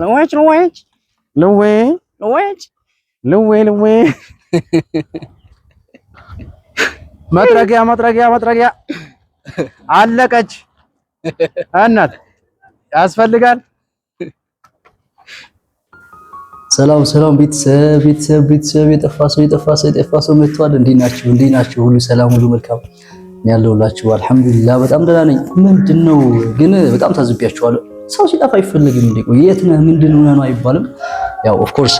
ልዌች ልዌች ልዌ ልዌች ልዌ ልዌ መጥረጊያ መጥረጊያ መጥረጊያ አለቀች። እናት ያስፈልጋል። ሰላም ሰላም፣ ቤተሰብ ቤተሰብ ቤተሰብ፣ የጠፋ ሰው የጠፋ ሰው የጠፋ ሰው መጥቷል። እንዴት ናችሁ? እንዴት ናችሁ? ሁሉ ሰላም፣ ሁሉ መልካም ያለውላችሁ። አልሐምዱሊላህ በጣም ደህና ነኝ። ምንድን ነው ግን በጣም ታዝቢያችኋለሁ ሰው ሲጠፋ ይፈልግ እንዴ? የት ነህ? ምንድን ሆነህ ነው አይባልም። ያው ኦፍ ኮርስ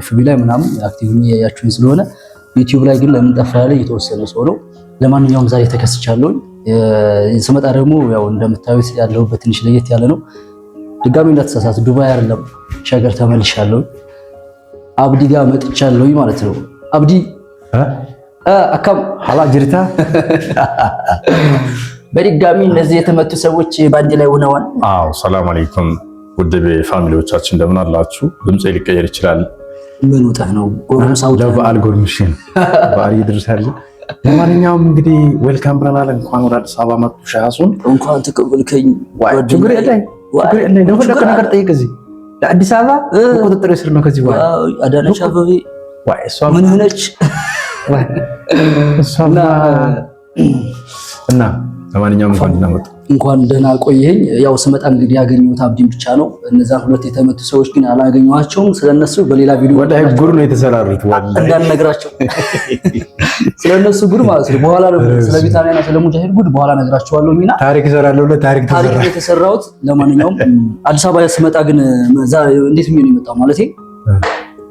ኤፍቢ ላይ ምናምን አክቲቭ የሚያያችሁኝ ስለሆነ ዩቲዩብ ላይ ግን ለምን ጠፋ ያለ የተወሰነ ሰው ነው። ለማንኛውም ዛሬ ተከስቻለሁ። ስመጣ ደግሞ ያው እንደምታዩት ያለሁበት ትንሽ ለየት ያለ ነው። ድጋሚ እንዳትሳሳት ዱባይ አይደለም ሸገር ተመልሻለሁ። አብዲ ጋር መጥቻለሁ ማለት ነው። አብዲ አካም ሀላ ጅሪታ በድጋሚ እነዚህ የተመቱ ሰዎች በአንድ ላይ ሆነዋል። አዎ፣ ሰላም አለይኩም ውድ ፋሚሊዎቻችን እንደምን አላችሁ? ድምፅ ሊቀየር ይችላል። ምን ውጠህ ነው ጎረምሳው? ለበዓል ጎርምሽ ነው። በዓል ይደርሳል። ለማንኛውም እንግዲህ ዌልካም ብለናል። እንኳን ወደ አዲስ አበባ መጡ። ሻሱን እንኳን ተቀበልከኝ። ችግር የለኝ ችግር ነገር ጠይቅ። እዚህ ለአዲስ አበባ ቁጥጥር ስር ነው። ከዚህ በኋላ አዳነች አበቤ ምን ሆነች እና ለማንኛውም እንኳን ደህና እንኳን ደህና ቆየኝ። ያው ስመጣ እንግዲህ ያገኘሁት አብዲን ብቻ ነው። እነዛ ሁለት የተመቱ ሰዎች ግን አላገኘኋቸውም። ስለነሱ በሌላ ቪዲዮ ወደ ጉር ነው የተሰራሩት እንዳልነግራቸው ስለነሱ ጉድ ማለት ነው። በኋላ ስለ ቢታንያና ስለ ሙጃሂድ ጉድ በኋላ ነግራቸዋለሁ። ሚና ታሪክ እሰራለሁ ብለህ ታሪክ የተሰራሁት። ለማንኛውም አዲስ አበባ ስመጣ ግን እንዴት ነው የመጣው ማለት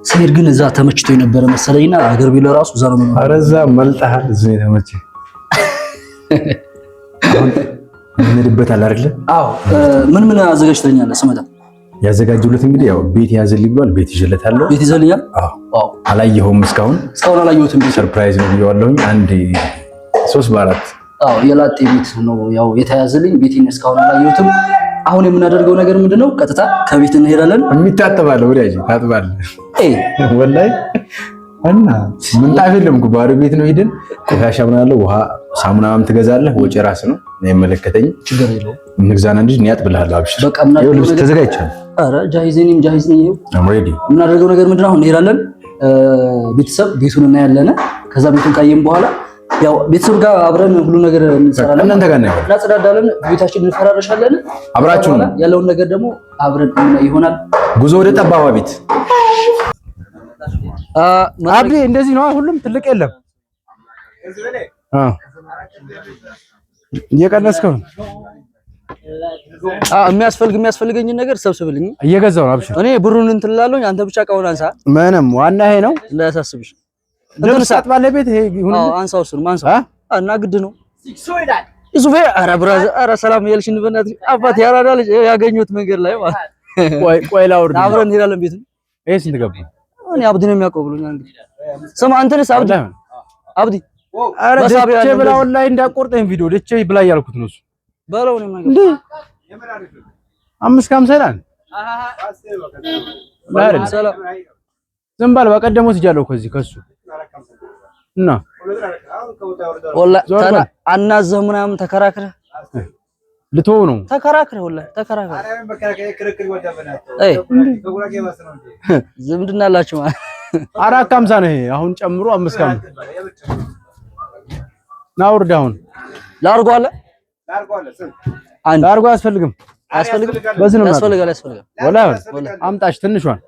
ስሄድ ግን እዛ ተመችቶ የነበረ መሰለኝና አገር ቢለው ራሱ እዛ ነው። ኧረ እዛ መልጠሃል፣ እዚህ ነው እንሄድበታል አይደለ? አዎ። ምን ምን አዘጋጅተኛለህ? ስመጣ ያዘጋጀሁለት እንግዲህ ያው ቤት ያዝልኝ ብሏል። ቤት ይዤለታለሁ። ቤት ይዘልኛል። አዎ። አላየኸውም እስካሁን? እስካሁን አላየሁትም። ሰርፕራይዝ ነው ብየዋለሁኝ። አንድ ሶስት በአራት አዎ፣ የላጤ ቤት ነው ያው የተያዘልኝ። ቤቴን እስካሁን አላየሁትም። አሁን የምናደርገው ነገር ምንድን ነው? ቀጥታ ከቤት እንሄዳለን። የሚታጠባለህ ወዲያ ታጥባለ ወላሂ እና ምንጣፍ የለም እኮ ባዶ ቤት ነው። ሄደን ቆሻሻ ምናለው ውሃ ሳሙናም ትገዛለህ፣ ወጪ ራስ ነው። እኔ የመለከተኝ ችግር የለውም። እንግዛና እንጂ እኔ አጥብልሃለሁ። አብሽር ልብስ ተዘጋጅቻለሁ። አረ ጃይዘኒም ኧረ ጃሂዝ ነኝ ሬዲ። ምን የምናደርገው ነገር ምንድን ነው? አሁን እንሄዳለን። ቤተሰብ ቤቱን እናያለን። ከዛ ቤቱን ካየን በኋላ ያው ቤተሰብ ጋር አብረን ሁሉ ነገር እንሰራለን። እናንተ ጋር ነው እናጸዳዳለን፣ ቤታችን እንፈራረሻለን። አብራችሁ ነው ያለውን ነገር ደግሞ አብረን የምናይ ይሆናል። ጉዞ ወደ ጠባባ ቤት አብዲ። እንደዚህ ነው ሁሉም ትልቅ የለም እየቀነስከው የሚያስፈልግ የሚያስፈልገኝን ነገር ሰብስብልኝ። እየገዛው ነው አብሽ። እኔ ብሩን እንትን እላለሁኝ፣ አንተ ብቻ እቃውን አንሳ። ምንም ዋና ይሄ ነው። እንዳያሳስብሽ ድምሳት ባለቤት ይሄ ይሁን። አንሳው እሱን ማንሳው እና ግድ ነው። ሱፌ አረ ብራዘር፣ አረ ሰላም እያልሽን በእናትሽ አባት ያራዳ ልጅ ያገኘሁት መንገድ ላይ ቆይ ቆይ፣ ላውርድ አብረን እንሄዳለን። ቤት ይሄ ስንት ገባ? እኔ አብዲ ነው የሚያውቀው ብሎኛል። እንግዲህ ስማ፣ አንተንስ አብዲ አብዲ አረ ደቼ ብላውን ላይ እንዳቆርጠኝ ቪዲዮ ደቼ ብላ ያልኩት ነው እሱ በለው ነው ማለት አምስት ከሀምሳ ይላል። ዝም በል በቀደም ወስጃለሁ ከዚህ ከሱ እና ወላሂ አናዘህ ምናምን ተከራክረህ ልትወው ነው ተከራክረህ ወላሂ ተከራክረህ ዝምድና አላችሁ ማለት አራት ከሀምሳ ነው ይሄ አሁን ጨምሮ አምስት ከሀምሳ ናውርድ አሁን ላርጎ አለ ላርጎ አያስፈልግም፣ አያስፈልግም። በዚህ ነው ያስፈልጋል፣ ያስፈልጋል። ወላ አምጣሽ ትንሿን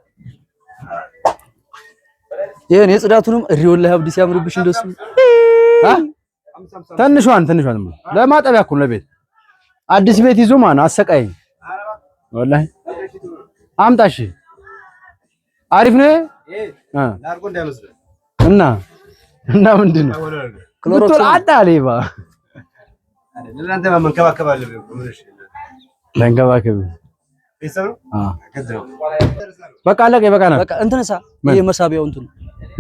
ይሄን የጽዳቱንም እሪውን ላይ አብዲስ ያምርብሽ እንደሱ ትንሿን ትንሿን ለማጠቢያ እኮ ለቤት አዲስ ቤት ይዞ ማን አሰቃየኝ። ወላሂ አምጣሽ አሪፍ ነው እና እና ምንድን ነው ክሎሮክስ አዳ ሌባ መንከባከብ በቃ አለቀ። ይበቃናል። በቃ እንትንሳ ይሄ መሳቢያው እንትን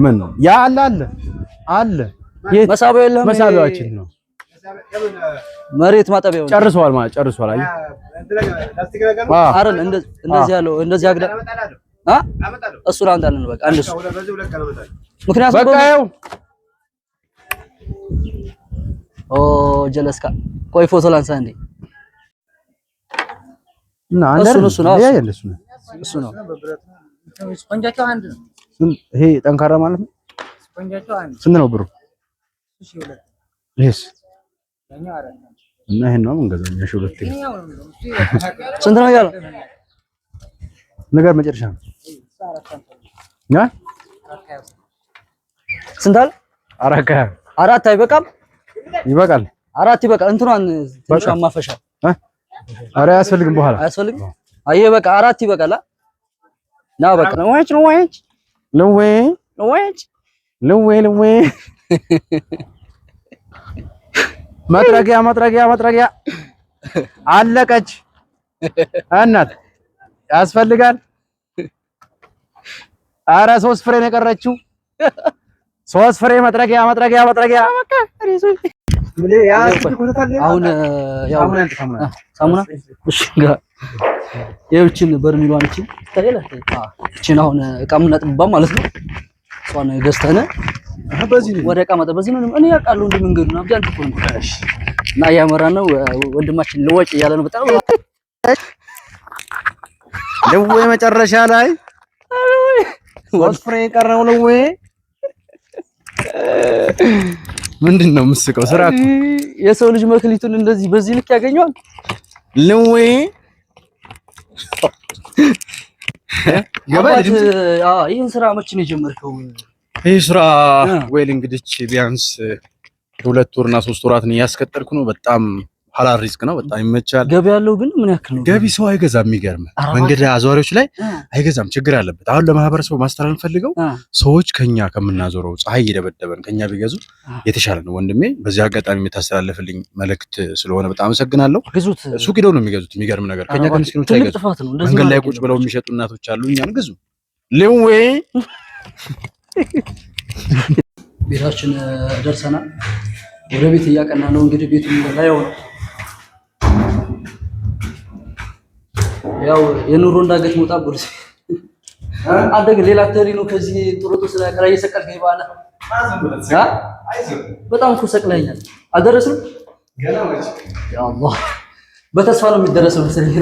ምን ያ አለ አለ አለ መሳቢያው የለህም። መሳቢያችን ነው መሬት ማጠቢያው ጨርሷል ማለት ጨርሷል። አይ አይደል እንደዚህ ያለው እንደዚህ አግዳ አ እሱ ላንተ በቃ አንድ ምክንያቱም በቃ ይኸው ओ जलस का कोई फोसो लांसा नहीं ना अंदर सुनो सुनो या यार सुनो सुनो ስፖንጃቸው አንድ ነው። ይሄ ጠንካራ ማለት ነው። ስፖንጃቸው አንድ ስንት ነው ብሩ? እሺ ሁለት ይሄስ ያኛው አራት እና ይሄን ነው የምንገዛው። እሺ ሁለት ስንት ነው ያለው ነገር መጨረሻ ነው ያ ስንት አለ አራት አራት አይበቃም? ይበቃል። አራት ይበቃል። እንትኗን ትንሿን ማፈሻ አረ አያስፈልግም። በኋላ አያስፈልግም። አይ በቃ አራት ይበቃል። ና በቃ ልዌጭ ልዌጭ ልዌጭ ልዌጭ ልዌ ልዌ መጥረጊያ መጥረጊያ መጥረጊያ አለቀች። እናት ያስፈልጋል። አረ ሶስት ፍሬን የቀረችው ሶስት ፍሬ መጥረጊያ መጥረጊያ መጥረጊያ በቃ አሁን ያው ሳሙና እሺ ይህችን በርሚሏን እቺ አሁን እቃ ማለት ነው። እሷን ገዝተን ወደ እቃ ማጠብ በዚህ ነው እኔ ያውቃለሁ። እንደ መንገዱ ነው አብጃን ተቆን እና እያመራ ነው ወንድማችን ልወጭ እያለ ነው። በጣም ልዌ መጨረሻ ላይ ወስፍሬ ቀረው የቀረው ምንድን ነው የምስቀው? ስራ የሰው ልጅ መክሊቱን እንደዚህ በዚህ ልክ ያገኘዋል? ልዌ ይህን ስራ መቼ ነው የጀመርከው? ይህ ስራ ወይል እንግዲህ ቢያንስ ሁለት ወርና ሶስት ወራትን እያስቀጠልኩ ነው በጣም ሀላል ሪስክ ነው። በጣም ይመቻል። ገቢ ያለው ግን ምን ያክል ነው? ገቢ ሰው አይገዛም። የሚገርም መንገድ አዘዋሪዎች ላይ አይገዛም። ችግር አለበት። አሁን ለማህበረሰቡ ማስተራር እንፈልገው ሰዎች ከኛ ከምናዞረው ፀሐይ እየደበደበን ከኛ ቢገዙ የተሻለ ነው። ወንድሜ በዚህ አጋጣሚ የምታስተላለፍልኝ መልእክት ስለሆነ በጣም አመሰግናለሁ። ሱቅ ሄደው ነው የሚገዙት። የሚገርም ነገር ከኛ ከምስኪኖች አይገዙ። መንገድ ላይ ቁጭ ብለው የሚሸጡ እናቶች አሉ። እኛን ግዙ ሌዌ ቤታችን ደርሰናል። ወደ ቤት እያቀና ነው እንግዲህ ቤቱ ላይ ያው የኑሮ እንዳገት መውጣ ብሩስ አደግ ሌላ ተሪ ነው። ከዚህ ጥሮቶ ስለ ከላይ የሰቀልከኝ ይባላል። በጣም እኮ ሰቅለኸኛል። አልደረስንም ገና ወጭ ያ በተስፋ ነው የሚደረሰው መሰለኝ።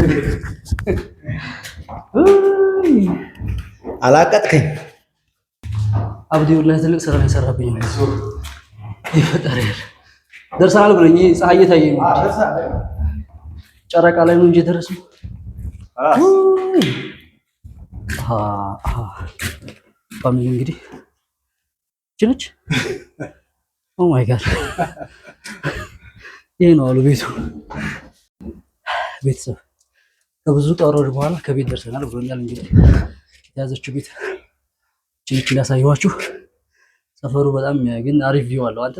አላቀጥከኝ አብዲ ወላሂ ትልቅ ስራ ነው የሰራብኝ። ይፈጠር ያለ ደርሰናል ብለኝ ፀሐይ እየታየኝ ነው። ጨረቃ ላይ ነው እንጂ የደረስነው ፋሚሊ እንግዲህ ችነች ኦማይ ጋድ ይህ ነው አሉ ቤቱ ቤተሰብ ከብዙ ጠሮች በኋላ ከቤት ደርሰናል ብሎኛል። እንግዲህ የያዘችው ቤት ችንች ላሳየኋችሁ። ሰፈሩ በጣም ግን አሪፍ ቪው አለው። አንተ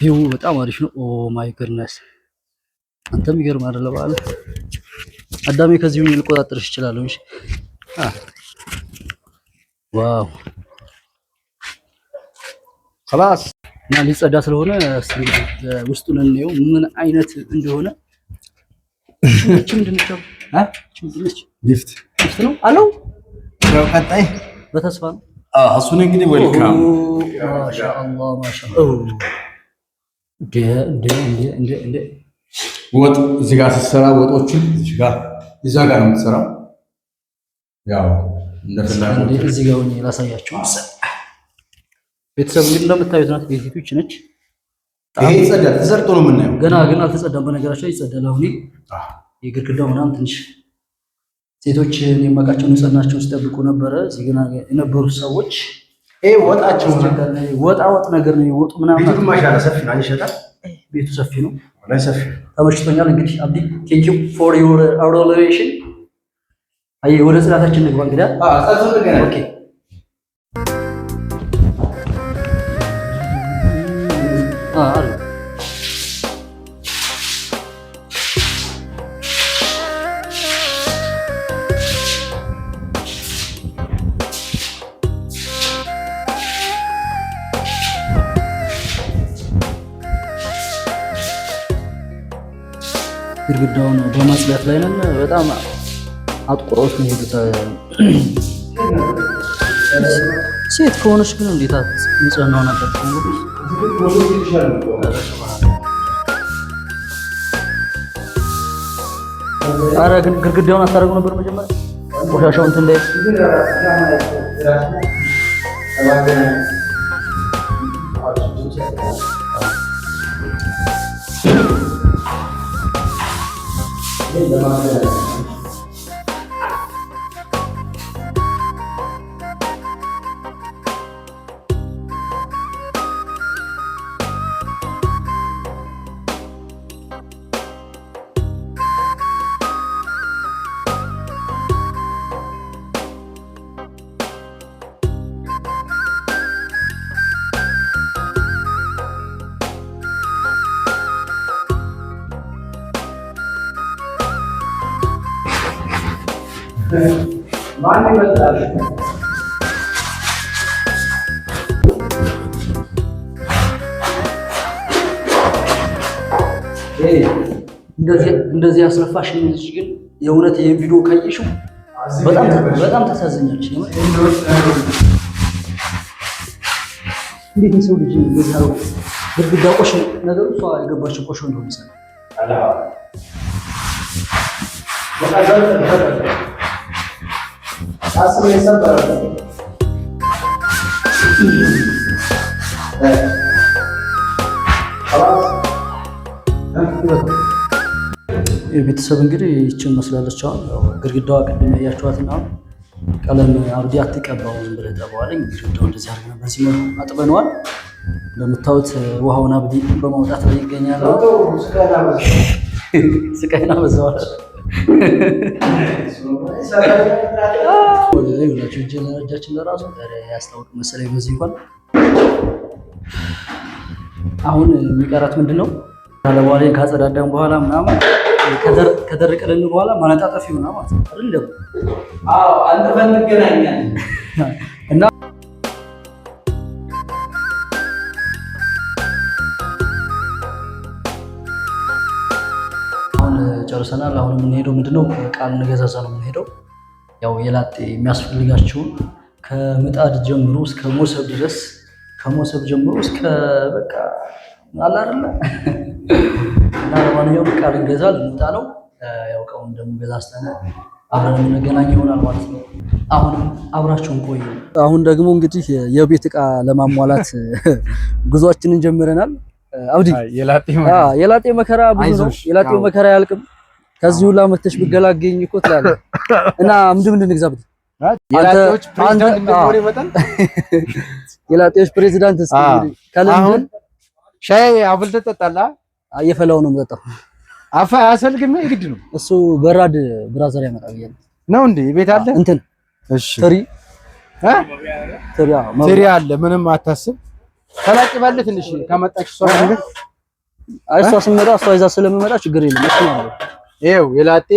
ቪው በጣም አሪፍ ነው። ኦ ማይ ጎድነስ አንተም ይገርም አደለ በአለ አዳሜ ከዚህ ሁኝ ልቆጣጠርሽ ይችላል። እሺ። ዋው خلاص እና ሊጸዳ ስለሆነ ውስጡን እንየው ምን አይነት እንደሆነ። እቺ ምንድን ነው? እቺ ሊፍት ሊፍት ነው አለው። ያው ቀጣይ በተስፋ ነው። አዎ እሱን እንግዲህ ዌልካም። ማሻአላ ማሻአላ። እንደ እንደ እንደ እንደ ወጥ እዚህ ጋር ስትሰራ ወጦችን እዚህ ጋር እዛ ጋር ነው የምትሰራው። ያው እንደፈላጎት ፍላጎት እዚህ ጋር ሆኜ ላሳያችሁ። ቤተሰብ እንግዲህ እንደምታዩት ናት። ቤት ፊቶች ነች። ይሄ ይጸዳል፣ ተሰርቶ ነው የምናየው። ገና ግን አልተጸዳም። በነገራችን ላይ ይጸዳል። አሁን የግድግዳው ምናምን ትንሽ ሴቶች የማውቃቸው ንጽህናቸውን ሲጠብቁ ነበረ። እዚህ ግን የነበሩት ሰዎች ይሄ ወጣቸው ወጣ ወጥ ነገር ነው። ወጡ ምናምን ቤቱ ሰፊ ሰፊ ነው፣ ሰፊ ነው፣ ነው ሰፊ ነው። ተመችቶኛል። እንግዲህ አብዲ ቴንክ ዩ ፎር ዩር አውር ኦሎሬሽን። አይ ወደ ስራታችን ንግባ። እንግዲህ ኦኬ አዎ ግድግዳውን በማጽዳት ላይ ነን። በጣም አጥቁረውት ነው ሄዱት። ሴት ከሆነች ግን እንዴት ንጽህናውን አጠብቁ። ኧረ ግን ግድግዳውን አታደርጉ ነበር መጀመሪያ ቆሻሻው እንትን ላይ 你的妈呀！እንደዚህ ያስነፋሽ ልጅ ግን የእውነት ይህን ቪዲዮ ካየሽው በጣም ታሳዝኛለች። እንዴት የሰው ልጅ ግድግዳ ቆሽ ነገሩ እሷ የገባቸው ቆሾ እንደሆነ ሰ ሰበረ የቤተሰብ እንግዲህ ይችን መስላለች። አሁን ግድግዳዋ ቅድም ና ቀለም አብዲ አትቀባው ዝም ብለህ ጠባዋለኝ። ግድግዳው እንደዚህ አድርገን በዚህ መልኩ አጥበነዋል። እንደምታዩት ውሃውን አብዲ በማውጣት ላይ ይገኛል። ስቃይና በዛዋል ሁላቸው እጅ ለረጃችን ለራሱ ያስታውቅ መሰለኝ። በዚህ እንኳን አሁን የሚቀራት ምንድን ነው? ባለቧሌን ካጸዳዳን በኋላ ምናምን ከደረቀልን በኋላ ማነጣጠፍ ይሆናል ማለት ነው አዎ አንተ እንገናኛለን እና ጨርሰናል። አሁን የምንሄደው ምንድነው ቃል እንገዛዛ ነው የምንሄደው። ያው የላጤ የሚያስፈልጋቸውን ከምጣድ ጀምሮ እስከ ሞሰብ ድረስ ከሞሰብ ጀምሮ እስከ በቃ አለ አይደለ? እና ለማንኛውም ቃል ልንጣ ነው ደግሞ አብረን የምንገናኝ ይሆናል ማለት ነው። አሁንም አብራችሁን ቆዩ። አሁን ደግሞ እንግዲህ የቤት እቃ ለማሟላት ጉዟችንን ጀምረናል። አብዲ የላጤ መከራ ብዙ ነው። የላጤው መከራ አያልቅም። ከዚህ ሁላ መተሽ ብገላገኝ እኮ ትላለህ። እና ምንድን ምንድን እንግዛ ብትይ የላጤዎች ፕሬዚዳንት እስኪ ሻይ አፍልተህ ትጠጣለህ? እየፈላሁ ነው የምጠጣው። አፋ አያሰልግም፣ የግድ ነው እሱ። በራድ ብራዘር ያመጣል ነው እንዴ? ቤት አለ እንትን። እሺ፣ ትሪ ትሪ አለ። ምንም አታስብ። ተላቂ ባለ ትንሽ ከመጣች እሷ አይደል? እሷ ስትመጣ እሷ ይዛ ስለምመጣ ችግር የለም። እሱ ነው ይሄው የላጤ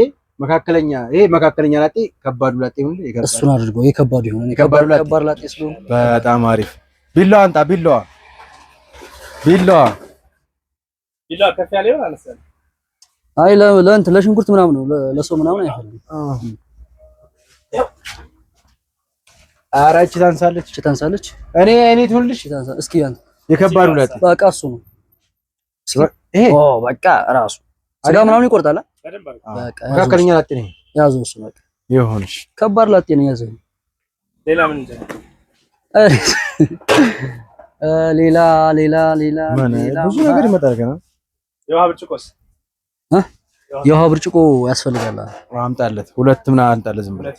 መካከለኛ ይሄ መካከለኛ ላጤ ከባዱ ላጤ ምን ይከብዳል። እሱን አድርገው የከባዱ ይሁን የከባዱ ላጤ በጣም አሪፍ ቢላዋ አንጣ ቢላዋ ቢላዋ ቢላዋ ከፍ ያለ ይሆን አነሰ? አይ ለእንት ለሽንኩርት ምናምን ነው ለሰው ምናምን አይፈልግም። ኧረ እቺ ታንሳለች፣ እቺ ታንሳለች። እኔ እኔ ትሁንልሽ ታንሳ እስኪ አንተ የከባዱ ዕለት በቃ እሱ ነው ይሄ። ኦ በቃ ራሱ ስጋ ምናምን ይቆርጣል። በቃ መካከለኛ ላጤ ነኝ ያዙ እሱ በቃ ይሁንሽ። ከባድ ላጤ ነኝ ያዘው። ሌላ ምን እንደ ሌላ ሌላ ሌላ ብዙ ነገር ይመጣል። ገና የውሃ ብርጭቆስ የውሃ ብርጭቆ ያስፈልጋል። አምጣለት ሁለት ምና አምጣለት። ዝም ብለህ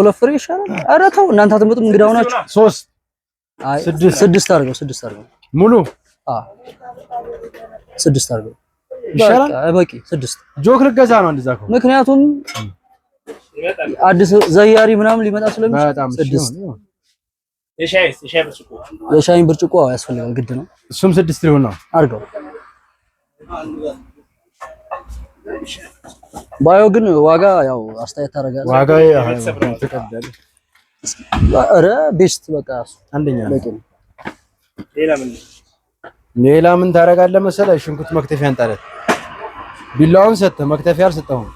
ሁለት ፍሬ ይሻላል። ኧረ ተው እናንተ አትመጡም። እንግዳው ሆናችሁ ሶስት ስድስት አድርገው ስድስት አድርገው ሙሉ ስድስት አድርገው ይሻላል። በቂ ስድስት ጆክ ልገዛ ነው እንደዛ ምክንያቱም አዲስ ዘያሪ ምናምን ሊመጣ ስለሚችል ስድስት የሻይ ብርጭቆ ያስፈልጋል፣ ግድ ነው። እሱም ስድስት ሊሆን ነው። አድርገው ባዮ ግን ዋጋ ያው አስተያየት ታደርጋለህ። ዋጋ ኧረ ቤስት በቃ አንደኛ ነው። ሌላ ምን ታደርጋለህ መሰለህ? ሽንኩርት መክተፊያ አንጣለት። ቢላውን ሰጠህ፣ መክተፊያ አልሰጠሁም።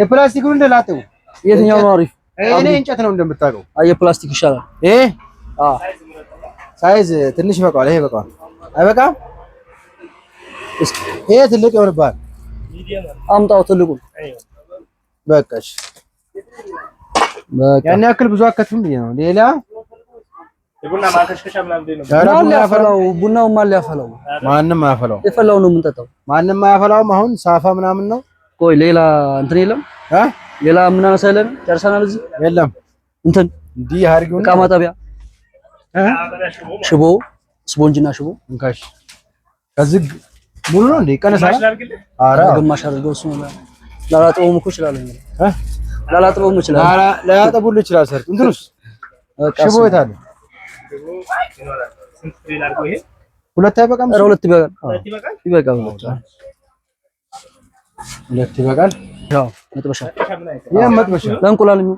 የፕላስቲኩን እንደላጠው የትኛው ነው አሪፍ? እኔ እንጨት ነው እንደምታውቀው። አየህ ፕላስቲክ ይሻላል። ይሄ አዎ፣ ሳይዝ ትንሽ ይበቃዋል። ይሄ ይበቃዋል። አይበቃም? እስኪ ይሄ ትልቅ ይሆንብሃል። አምጣው ትልቁን። በቃ በቃ ያን ያክል ብዙ አከትም ነው። ሌላ ቡናው ማን ሊያፈላው? ማንም አያፈላው። የፈላው ነው የምንጠጣው። ማንም አያፈላውም። አሁን ሳፋ ምናምን ነው። ቆይ ሌላ እንትን የለም ሌላ ምን አነሳለን? ጨርሰናል። እዚህ የለም እንትን እንዲህ አድርገው ዕቃ ማጠቢያ ሽቦ፣ ስቦንጅና ሽቦ እንካሽ ከዚህ ሙሉ ነው እንዴ? ቀነሳ አራ ግማሽ አድርገው እሱ ነው። ላላጥበውም እኮ ይችላል እንዴ? ላላጥበውም ይችላል። አራ ላያጠቡል ይችላል። ሰርጥ እንትኑስ ሽቦ የት አለ? ሁለት አይበቃም? ኧረ ሁለት ይበቃል፣ ይበቃል፣ ሁለት ይበቃል። ያው መጥበሻ ያ መጥበሻ ለእንቁላል ነው።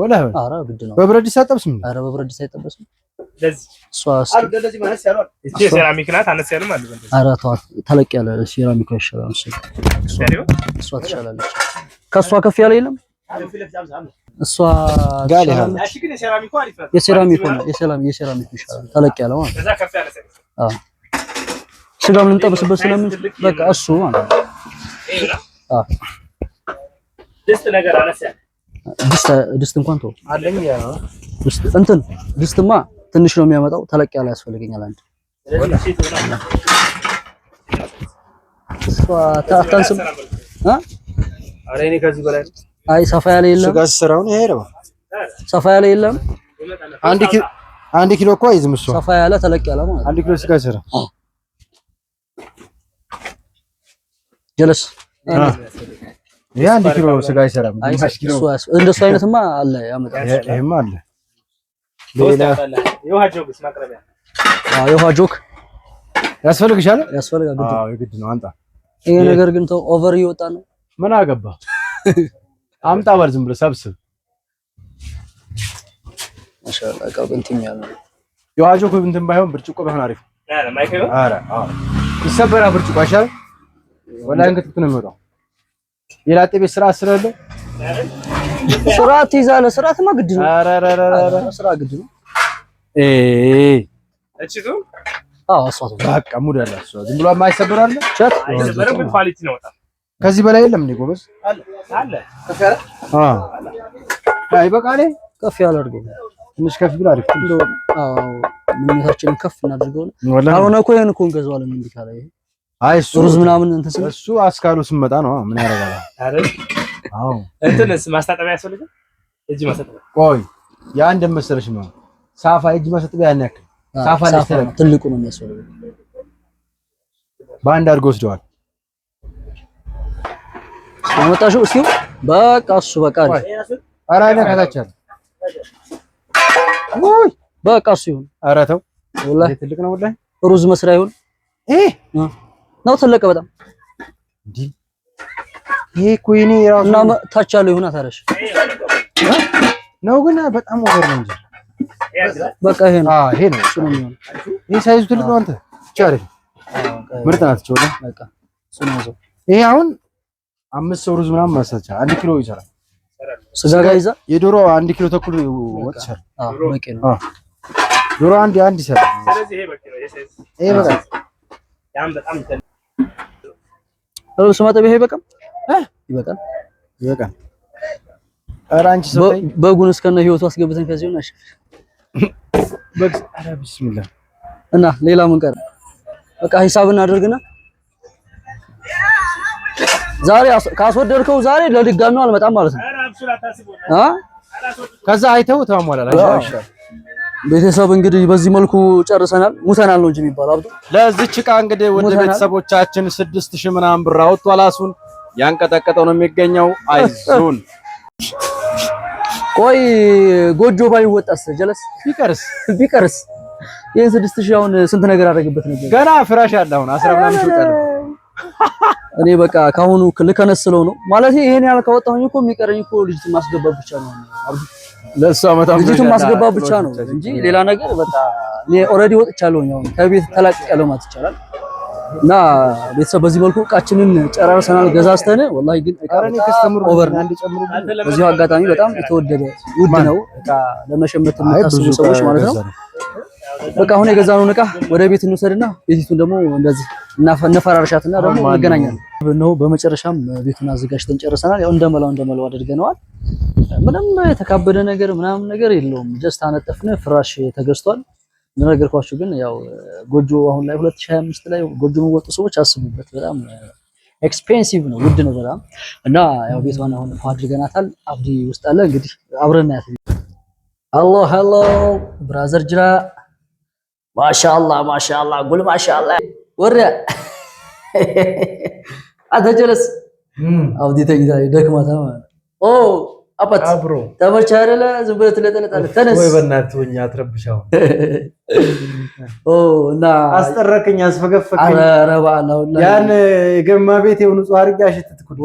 ወላህ ኧረ ግድ በብረት ድስት አይጠብስም። ኧረ በብረት ድስት አይጠብስም። ተለቅ ያለ ሴራሚክ ይሻላል። እሷ ትሻላለች። ከእሷ ከፍ ያለ የለም። እሷ የሴራሚክ ይሻላል። ተለቅ ያለ ስጋም ልንጠብስበት ስለምንችል በቃ እሱ ማለት ነው። ድስት ነገር አነሳ ድስት እንኳን ተው አለኝ። ያው ድስት እንትን ድስትማ ትንሽ ነው የሚያመጣው። ተለቅ ያለ ያስፈልገኛል። አንድ አታንስም። አይ ሰፋ ያለ የለም። ሰፋ ያለ የለም። አንድ ኪሎ እኮ አይዝም እሱ። ሰፋ ያለ ተለቅ ያለ ማለት አንድ ኪሎ ስጋ ስራ ጀለስ የአንድ ኪሎ ስጋ አይሰራም። እንደሱ አይነትማ አለ አለ ሌላ የውሃ ጆክ ያስፈልግሻል። ያስፈልጋል፣ ግድ ነው። አምጣ። ይሄ ነገር ግን ተው፣ ኦቨር እየወጣ ነው። ምን አገባ? አምጣ በል፣ ዝም ብለህ ሰብስብ። ማሻአላ የውሃ ጆክ እንትን ባይሆን ብርጭቆ ባይሆን አሪፍ ይሰበራ ብርጭቆ አይሻልም? ወላሂ እንግዲህ ነው የሚወጣው የላጤ ቤት ስራ አስራለ ስራ ትይዛለህ። ስራትማ ግድ ነው። አረ አረ አረ ስራ ግድ ነው። ከዚህ በላይ የለም። ነው ጎበዝ ይበቃል። ከፍ ያለ አድርገው ትንሽ ከፍ ብል አሪፍ። አዎ ምኞታችንን ከፍ እናድርገው። ካልሆነ እኮ ይሄን እኮ እንገዛዋለን። አይ እሱ ሩዝ ምናምን እንትን እሱ አስካሉ ስመጣ ነው። ምን ያደርጋል? አይደል? አዎ እንትንስ ማስታጠቢያ ያስፈልጋል። እጅ ማስታጠቢያ ቆይ፣ ያ እንደመሰለሽ ነው። ሳፋ እጅ ማስታጠቢያ ያን ያክል ሳፋ ትልቁ ነው የሚያስፈልገው። በአንድ አድርጎ ወስደዋል። አመጣሽው እስኪ በቃ እሱ በቃ አይ ኧረ አይነ ከታች ወይ በቃ እሱ ይሁን። ኧረ ተው ወላሂ፣ ትልቅ ነው ወላሂ። ሩዝ መስሪያ ይሁን እህ ነው ተለቀ በጣም እንዴ ይሄ እኮ የእኔ የራሱ እና ታች ያለው ይሁን አታረሽ ነው ግን በጣም ወገር ነው እንጂ በቃ ይሄ ነው። አዎ ይሄ ነው እሱ ነው የሚሆነው። ይሄ ሳይዙ ትልቅ ነው። አንተ ብቻ አይደል ምርጥ ናት። ቾለ በቃ እሱ ነው ዘው ይሄ አሁን አምስት ሰው ሩዝ ምናምን ማሳቻ አንድ ኪሎ ይሰራል። ስጋ ጋር ይዛ የዶሮ አንድ ኪሎ ተኩል ወጥ ይሰራል። አዎ በቂ ነው። አዎ ዶሮ አንድ አንድ ይሰራል። ስለዚህ ይሄ በቂ ነው። ይሄ ሳይዝ ይሄ በቃ ያን በጣም ይተል ልብስ ማጠቢያ ይበቃል ይበቃል ይበቃል። ኧረ አንቺ ሰው በጉን እስከነ ህይወቱ አስገብተን ከዚህ ሆነ አሸፍ ኧረ ቢስሚላ እና ሌላ ምን ቀረ? በቃ ሂሳብ እናደርግና ዛሬ ካስወደድከው ዛሬ ለድጋሚው አልመጣም ማለት ነው። ከዛ አይተው ተማሟላል አይሻል ቤተሰብ እንግዲህ በዚህ መልኩ ጨርሰናል። ሙተናል ነው እንጂ የሚባል አብዱ ለዚች ዕቃ እንግዲህ ወደ ቤተሰቦቻችን ስድስት ሺህ ምናምን ብር አውጥቷል። አሱን ያንቀጠቀጠው ነው የሚገኘው። አይዞን ቆይ ጎጆ ባይወጣስ ጀለስ ቢቀርስ ቢቀርስ ይሄን ስድስት ሺህ አሁን ስንት ነገር አደረግበት ነበር። ገና ፍራሽ አለ አሁን አስራ ምናምን ይወጣል። እኔ በቃ ካሁኑ ልከነስለው ነው ማለት ይሄን ያህል ካወጣሁኝ እኮ የሚቀረኝ እኮ ልጅት ማስገባት ብቻ ነው አብዱ ለእሷ በጣም ልጅቱን ማስገባት ብቻ ነው እንጂ ሌላ ነገር በቃ እኔ ኦልሬዲ ወጥቻለሁ። አሁን ከቤት ተላቅቄያለሁ ማለት ይቻላል። እና ቤተሰብ በዚህ መልኩ እቃችንን ጨራርሰናል ገዛዝተን። ወላሂ ግን ኦቨር ነው። በዚሁ አጋጣሚ በጣም የተወደደ ውድ ነው እቃ ለመሸመት የምታስቡ ሰዎች ማለት ነው በቃ አሁን የገዛነውን እቃ ወደ ቤት እንውሰድና ቤቲቱን ደግሞ እንደዚህ እነፈራርሻትና ደግሞ እንገናኛለን ነው። በመጨረሻም ቤቱን አዘጋጅተን ጨርሰናል። ያው እንደመላው እንደመላው አድርገነዋል። ምንም የተካበደ ነገር ምናምን ነገር የለውም። ጀስት አነጠፍን። ፍራሽ ተገዝቷል። እንደነገርኳችሁ ግን ያው ጎጆ አሁን ላይ 2025 ላይ ጎጆ የሚወጡ ሰዎች አስቡበት። በጣም ኤክስፔንሲቭ ነው፣ ውድ ነው በጣም እና ያው ቤቷን አሁን አድርገናታል። አብዲ ውስጥ አለ እንግዲህ አብረን ያት አሎ ሄሎ ብራዘር ጅራ माशाल्लाह माशाल्लाह ጉል माशाल्लाह ወረ አንተ ጀለስ አብዲ ተኝታ ደክማታ ኦ አባት አብሮ ተመቻ አይደለ? ዝም ብለህ ትለጠለጣለህ። ተነስ ወይ በእናትህ ወኛ አትረብሻው። ኦ እና አስጠረከኝ፣ አስፈገፈከኝ። ኧረ በዓል አሁን ያን ገማ ቤት የሆኑ ጿሪ ጋሽ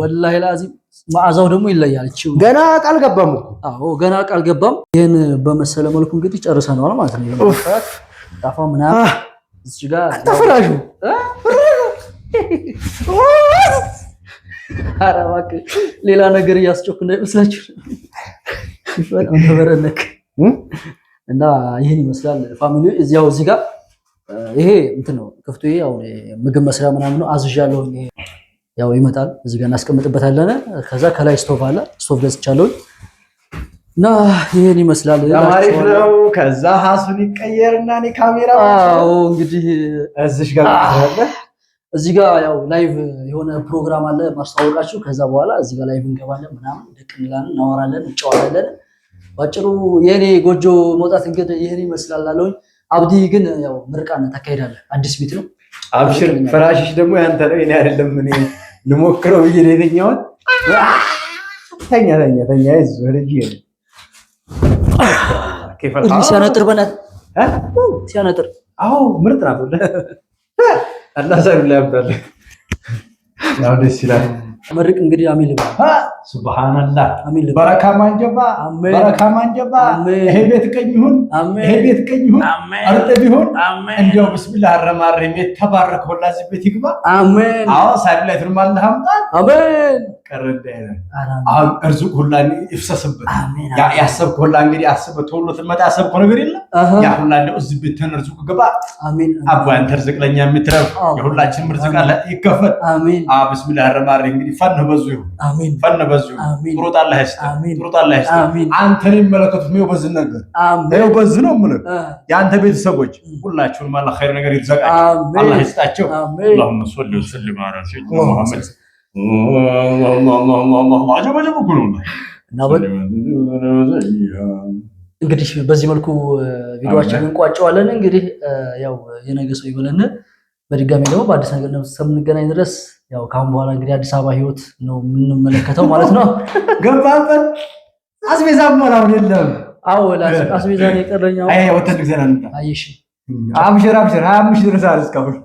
ወላሂ ላዚም መዓዛው ደግሞ ይለያል። እቺው ገና ቃል ገባም እኮ አዎ፣ ገና ቃል ገባም። ይሄን በመሰለ መልኩ እንግዲህ ጨርሰነዋል ማለት ነው። ጠፋ ምናምን እዚህ ጋር ተፈራሹ ኧረ እባክህ ሌላ ነገር እያስጮክ እንዳይመስላችሁ በጣም እና ይህን ይመስላል ፋሚሊ እዚያው እዚህ ጋር ይሄ እንትን ነው ክፍቱ ያው ምግብ መስሪያ ምናምን ነው አዝዣለሁ ያው ይመጣል እዚህ ጋር እናስቀምጥበታለን ከዛ ከላይ ስቶቭ አለ ስቶቭ ገዝቻለሁኝ እና ይህን ይመስላል። አሪፍ ነው። ከዛ ሀሱን ይቀየርና እኔ ካሜራ እንግዲህ እዚሽ ጋር እዚህ ጋር ያው ላይቭ የሆነ ፕሮግራም አለ ማስታወቃችሁ። ከዛ በኋላ እዚህ ጋር ላይቭ እንገባለን፣ ምናምን ደቅ እንላለን፣ እናወራለን፣ እንጨዋለን። ባጭሩ የእኔ ጎጆ መውጣት እንግዲህ ይህን ይመስላል አለውኝ። አብዲ ግን ያው ምርቃን ታካሄዳለ አዲስ ቤት ነው። አብሽር፣ ፍራሽሽ ደግሞ ያንተ ነው፣ የኔ አይደለም። እኔ ልሞክረው ብዬ ነው የተኛሁት። ተኛ ተኛ ተኛ ሲያነጥር በናት ሲያነጥር አዎ ምርጥ ናት። አላሳ ያምታለ ደስ ይላል። መርቅ እንግዲህ አሚል ሱብሃንአላህ አሚን። በረካ ማንጀባ በረካ ማንጀባ። ይሄ ቤት ቀኝ ይሁን፣ ይሄ ቤት ቀኝ ይሁን፣ እርጥብ ይሁን። እንዲያው ቢስሚላህ አረማር ቤት ተባረከ። ወላ እዚህ ቤት ይግባ። አሜን። አዎ ሳይብላይት ነው አሜን። ቀረ እንዳይነ አሁን እርዝቅ ሁላ ይፍሰስበት። ያሰብክ ሁላ እንግዲህ አስበ ተውሎ ትመጣ ነገር ያ ሁላ እንደው እዚህ ቤት ተነርዝቁ ግባ። አሜን። አንተ እርዝቅ ለኛ የምትረፍ የሁላችንም እርዝቅ አለ ይከፈት። አሜን። አዎ እንግዲህ በዙ ይሁን፣ አሜን። በዚሁ ጥሩጥ አላህ ያስጥህ፣ ጥሩጥ አላህ ያስጥህ። አንተን የሚመለከቱት ነው በዚህ ነገር ነው በዚህ ነው የምልህ የአንተ ቤተሰቦች ሁላችሁንም አላህ ኸይር ነገር ይርዘቃቸው፣ አላህ ይስጣቸው። اللهم صل وسلم على سيدنا محمد الله الله الله الله እንግዲህ በዚህ መልኩ ቪዲዮአችንን እንቋጨዋለን። እንግዲህ ያው የነገ ሰው ይበለን። በድጋሚ ደግሞ በአዲስ ነገር እስከምንገናኝ ድረስ ያው ከአሁን በኋላ እንግዲህ አዲስ አበባ ህይወት ነው የምንመለከተው ማለት ነው። ገባበት አስቤዛ መላሁን የለም። አዎ አስቤዛ ነው የቀረኛው። አብሽር አብሽር ሀያ አምስት ድረስ አለ እስካሁን